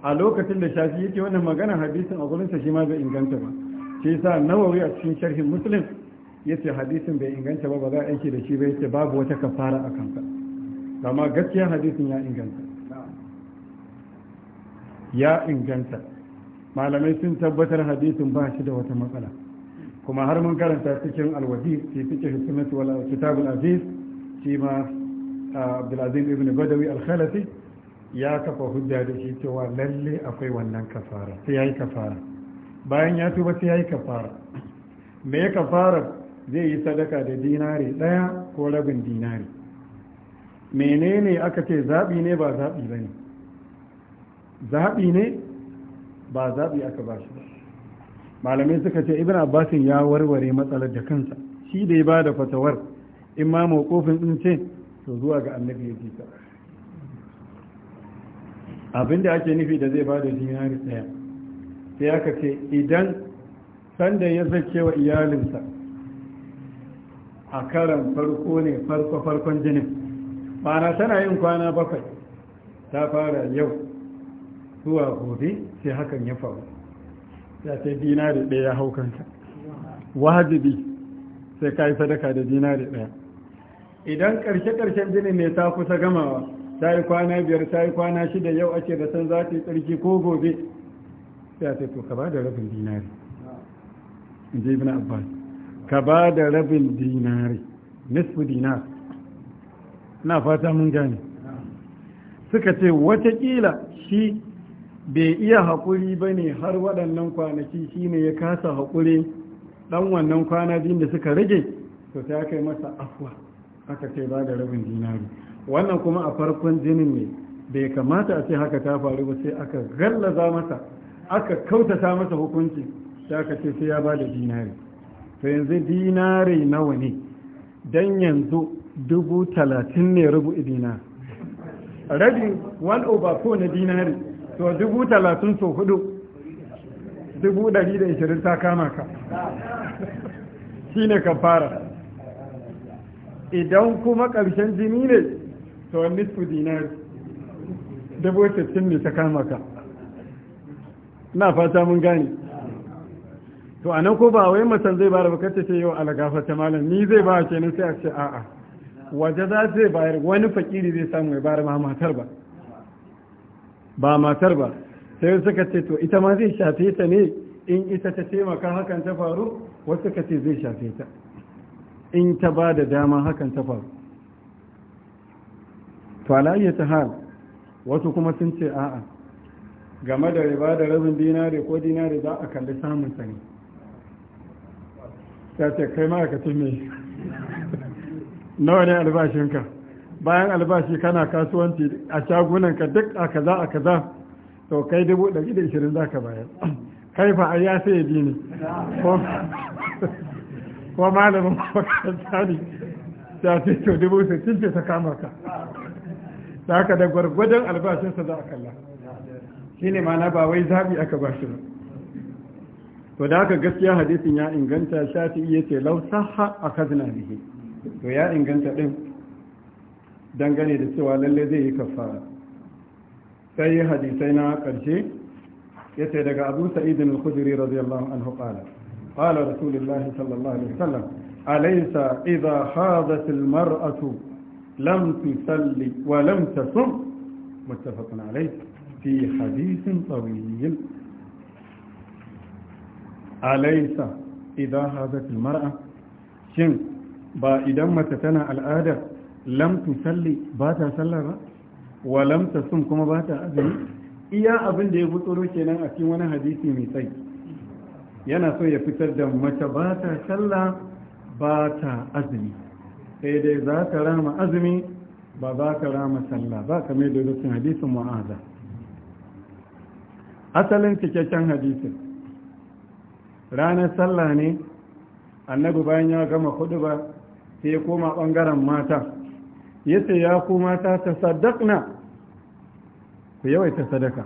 a lokacin da shafi yake wannan magana hadisin a gurinsa shi ma bai inganta ba shi sa nawawi a cikin sharhin muslim ya ce hadisin bai inganta ba ba za a aiki da shi ba yace babu wata kafara a kanka amma gaskiya hadisin ya inganta ya inganta malamai sun tabbatar hadisin ba shi da wata matsala kuma har mun karanta cikin alwadi fi cikin sunnati wal kitabul aziz shi ma abdulaziz ibn badawi al-khalafi ya kafa hujja da shi cewa lalle akwai wannan kafara sai yayi kafara bayan ya tuba sai yayi kafara me ya kafara zai yi sadaka da dinari daya ko rabin dinari menene aka ce zabi ne ba zabi bane zabi ne ba zaɓi aka ba shi ba malamai suka ce ibn abbasin ya warware matsalar da kansa shi da ya ba da fatawar in ma kofin in ce to zuwa ga annabi ya ji ta da ake nufi da zai ba da dinari ɗaya sai aka ce idan sanda ya zace wa iyalinsa a karan farko ne farko farkon jinin Ba ma'ana tana yin kwana bakwai ta fara yau zuwa gobe sai hakan ya faru ya sai dinari ɗaya ya hau kanka wajibi sai ka yi sadaka da dinari ɗaya idan ƙarshe-ƙarshen jinin ne ta kusa gamawa ta yi kwana biyar ta yi kwana shida yau ake da san za ta yi tsarki ko gobe sai ta to ka ba da rabin dinari in ji ibina abbas ka ba da rabin dinari nisfu dinar na fata mun gane suka ce watakila shi bai iya haƙuri ba ne har waɗannan kwanaki shi ne ya kasa haƙuri ɗan wannan kwana biyun da suka rage to ta kai masa afuwa aka ce ba da rabin dinari wannan kuma a farkon jinin ne bai kamata a ce haka ta faru ba sai aka gallaza masa aka kautata masa hukunci ta ka ce sai ya ba da dinari to yanzu dinari nawa ne don yanzu dubu talatin ne rubu dinar rabi one over four na dinari to dubu talatin so hudu dubu dari da ishirin ta kama ka shi ne fara. idan kuma ƙarshen jini ne to su dinari dubu sittin ne ta kama ka na fata mun gani to anan ko ba wai mutum zai bayar ba kace ce yau alagafa ta malam ni zai ba kenan sai a ce a'a waje za zai bayar wani fakiri zai samu ya bayar da matar ba ba matar ba sai suka ce to ita ma zai shafe ta ne in ita ta taimaka hakan ta faru wasu suka ce zai shafe ta in ta ba da dama hakan ta faru to ta hal wasu kuma sun ce a'a game da riba da rabin dinari ko dinari za a kalli samun sani ta ce kai ma ma'aikacin mai nawa ne albashinka bayan albashi kana kasuwanci a shagunanka duk a kaza a kaza to kai dubu ɗari da ishirin za ka bayar kai fa ya sai bi ne ko malamin makaranta tsari ta fi to dubu sittin ce ta kama ka da haka da gwargwadon albashinsa za a kalla shi ne mana ba wai zaɓi aka ba shi ba to da aka gaskiya hadisin ya inganta shafi iya ce lausa ha a kazina bihi to ya inganta ɗin dangane da cewa lalle zai yi kafara sai yi hadisai na ƙarshe ya ce daga abu sa'idin al-khudri radiyallahu anhu qala qala rasulullah sallallahu alaihi wasallam alaysa idha hadat al-mar'atu lam tusalli wa lam tasum muttafaqun alayh fi hadithin tawil alaysa idha hadat al-mar'a shin ba idan mace tana al'ada lam salli ba ta sallar wa lam sun kuma ba ta azumi iya abin da ya fi tsoro kenan a cikin wani hadisi mai tsayi yana so ya fitar da mace ba ta sallah ba ta azumi sai dai za ka rama azumi ba za ka rama sallah ba kame da dukkan hadisin mu'aza asalin cikakken hadisin ranar sallah ne annabi bayan ya gama hudu ba sai ya koma ɓangaren mata ya ce ya kuma ta tasaddaqna ku yawaita sadaka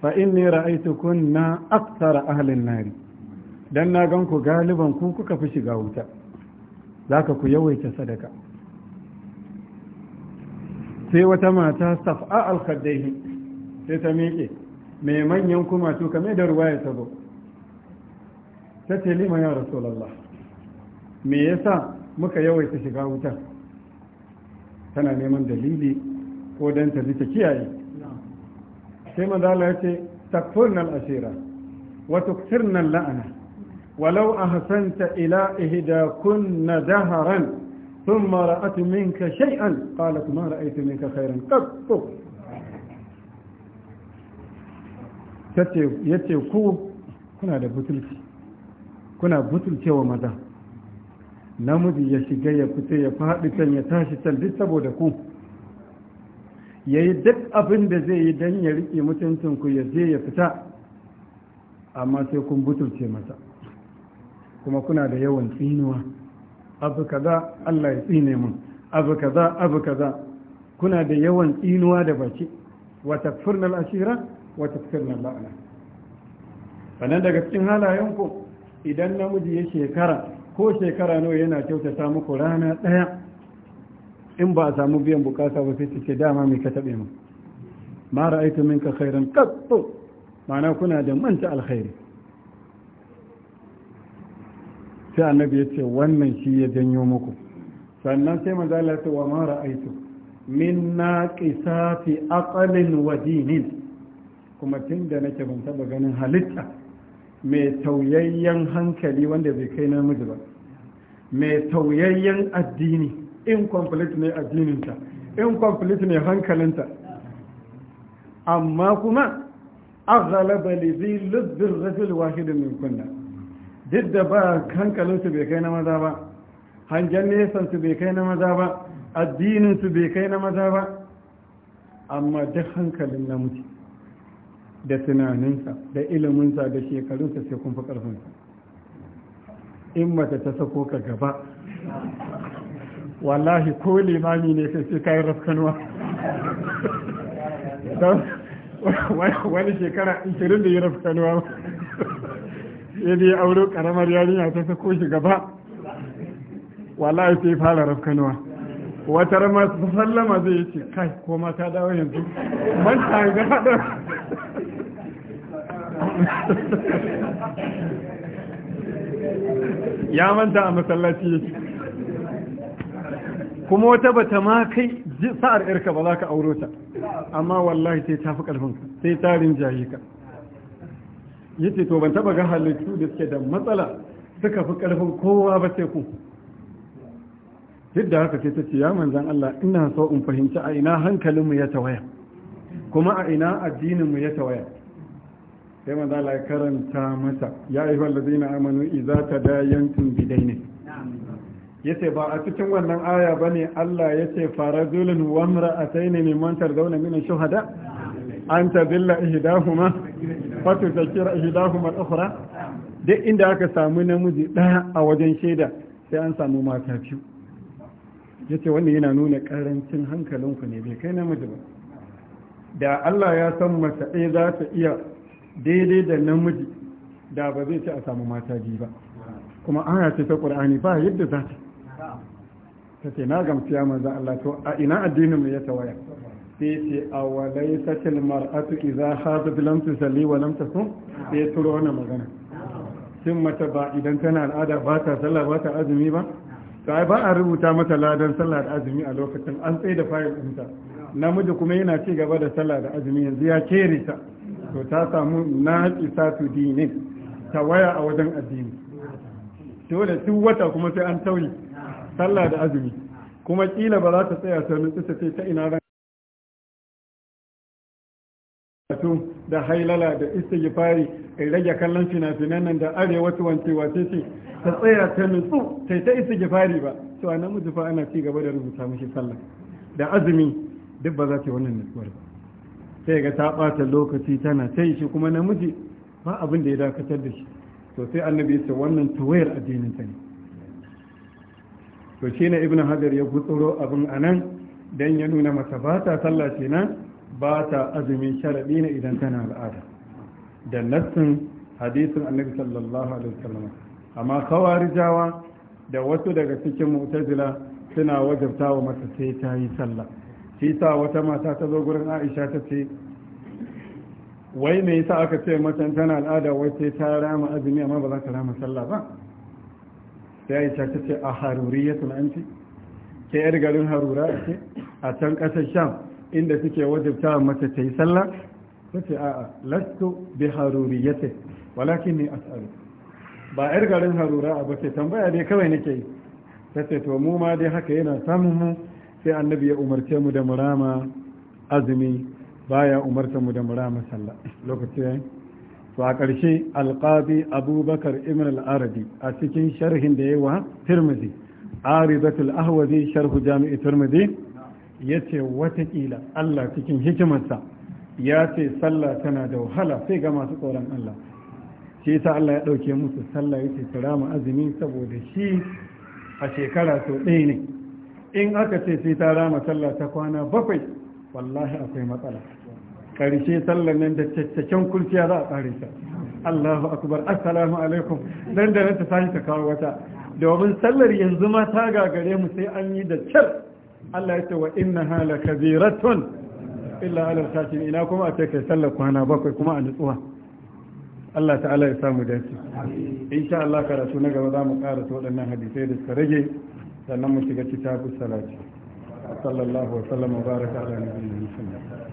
fa inni ra'aytukunna aktsara ahlin nari dan na gan ku galiban ku kuka fi shiga wuta zaka ku yawaita sadaka sai wata mata saf'a al-kaddaihi sai ta miƙe mai manyan kuma su kame da ruwa ya tabo ta ce lima ya rasulallah me yasa muka yawaita shiga wuta tana neman dalili ko don ta ta kiyaye sai manzala ya ce takfurnal ashira wa la'ana walau ahsanta ila ihda kunna dahran ثم رأت منك شيئا قالت ما رأيت منك خيرا قط yace ku kuna da butulci kuna butulcewa maza namiji ya shiga ya fita ya faɗi can ya tashi can duk saboda ku ya yi duk abin da zai yi don ya riƙe mutuncinku ya je ya fita amma sai kun butulce masa kuma kuna da yawan tsinuwa abu kaza Allah ya tsine mun abu kaza abu kaza kuna da yawan tsinuwa da baki wata takfurna asira ashira wa la'ana, al sannan daga cikin halayenku idan namiji ya shekara ko shekara nawa yana kyautata muku rana ɗaya in ba a samu biyan bukata ba sai ce dama mai ka taɓe mu ma ra'aitu minka khairan qattu ma'ana kuna da manta alkhairi sai annabi ya ce wannan shi ya janyo muku sannan sai manzo Allah ya wa ma ra'aitu min naqisati aqlin wa dinin kuma tunda nake ban taɓa ganin halitta mai tauyayyen hankali wanda bai kai namiji ba mai tauyayyen addini incomplete ne addininta incomplete ne hankalinta amma kuma aghalaba li zai lubbin rajul wahidin min kunna duk da ba hankalinsu bai kai na maza ba hangen nesansu bai kai na maza ba addininsu bai kai na maza ba amma duk hankalin namiji da tunaninsa da iliminsa da shekarunsa sai kun fi ƙarfinsa in mata ta sako ka gaba wallahi ko limami ne kai sai yi rafkanuwa wani shekara 20 da ya rafkanuwa ya ya auro karamar yarinya ta sako shi gaba wallahi sai fara rafkanuwa wata rama sallama zai ce kai ko mata ta dawo yanzu manta ga haɗar ya manta a masallaci kuma wata bata ma kai sa'ar irka ba za ka auro ta amma wallahi sai ta fi ƙarfinka sai ta rinjaye ka yace to ban taba ga halittu da suke da matsala suka fi ƙarfin kowa ba sai ku duk haka sai ta ce ya manzan Allah ina so in fahimci a ina hankalinmu ya tawaya kuma a ina addininmu ya tawaya sai ma zala karanta mata ya ayyuhal na amanu idza ne. Ya yace ba a cikin wannan aya ba ne Allah ya ce fara yace farajulun wa imra'atayn mimman tardawna min ash-shuhada an tadilla ihdahuma fa tudhakkira ihdahuma al tsakura. duk inda aka samu namiji ɗaya a wajen shaida sai an samu mata biyu ce wannan yana nuna karancin hankalinku ne bai kai namiji ba da Allah ya san mace ɗaya za ta iya daidai da namiji da ba zai ci a samu mata biyu ba kuma an ce ta ƙur'ani ba yadda za ta ta ce na gamsiya manzan Allah to a ina addinin mu ya waya sai ce a walai sakin mar'atu idza hazat lam sali wa lam tasum sai ya turo wannan magana shin mata ba idan tana al'ada ba ta sallah ba ta azumi ba to ai ba a rubuta mata ladan sallah da azumi a lokacin an tsaye da fayil ɗinta namiji kuma yana ci gaba da sallah da azumi yanzu ya kere ta to ta samu na su dinin ta waya a wajen addini dole duk wata kuma sai an tauri sallah da azumi kuma kila ba za ta tsaya ta nutsu ce ta ina ran da hailala da istighfari ai rage kallon fina-finan nan da arewa wance wace ce ta tsaya ta nutsu ta ta istighfari ba to a namiji fa ana ci gaba da rubuta mishi sallah da azumi duk ba za ta yi wannan nutsuwar ba sai ga ta ɓata lokaci tana sai shi kuma namiji ba abin da ya dakatar da shi to sai annabi ya wannan tawayar addinin ta ne to shi ne ibn hajar ya gutsuro abin anan dan ya nuna masa ba ta sallah na ba ta azumin sharaɗi ne idan tana al'ada da nassin hadisin annabi sallallahu alaihi wasallam amma kawarijawa da wasu daga cikin mu'tazila suna wajabta wa mata sai ta yi sallah shi sa wata mata ta zo gurin aisha ta ce wai me yasa aka ce mata tana al'ada wai sai ta rama azumi amma ba za ta rama sallah ba sai aisha ta ce a haruriyatun anti ke yar garin harura ce a can ƙasar sham inda suke wajibta mata ta yi sallah ta ce a'a lastu bi haruriyatin walakin ni as'alu ba yar garin harura ba ce tambaya dai kawai nake yi ta ce to mu ma dai haka yana samun mu sai annabi ya umarce mu da murama azumi baya umarta mu da murama sallah lokaci to a ƙarshe alqadi abubakar ibn al-arabi a cikin sharhin da yawa tirmidhi aridatul ahwazi sharhu jami'i tirmidhi yace watakila Allah cikin hikimarsa ya ce sallah tana da wahala sai ga masu tsoron Allah shi yasa Allah ya ɗauke musu sallah yace kira azumi saboda shi a shekara to ɗaya ne in aka ce sai ta rama sallah ta kwana bakwai wallahi akwai matsala ƙarshe sallar nan da caccaken kulciya za a ƙare ta Allahu akbar assalamu alaikum dan da ta sashi ta kawo wata domin sallar yanzu ma ta gagare mu sai an yi da kyar. Allah ya ce wa inna hala kabiratun illa ala sakin ina kuma a ce kai sallar kwana bakwai kuma a nutsuwa Allah ta'ala ya samu dace insha Allah karatu na gaba za mu karasa waɗannan hadisai da suka rage sannan mu shiga kitabu salati sallallahu wa sallam wa baraka ala nabiyyi muhammad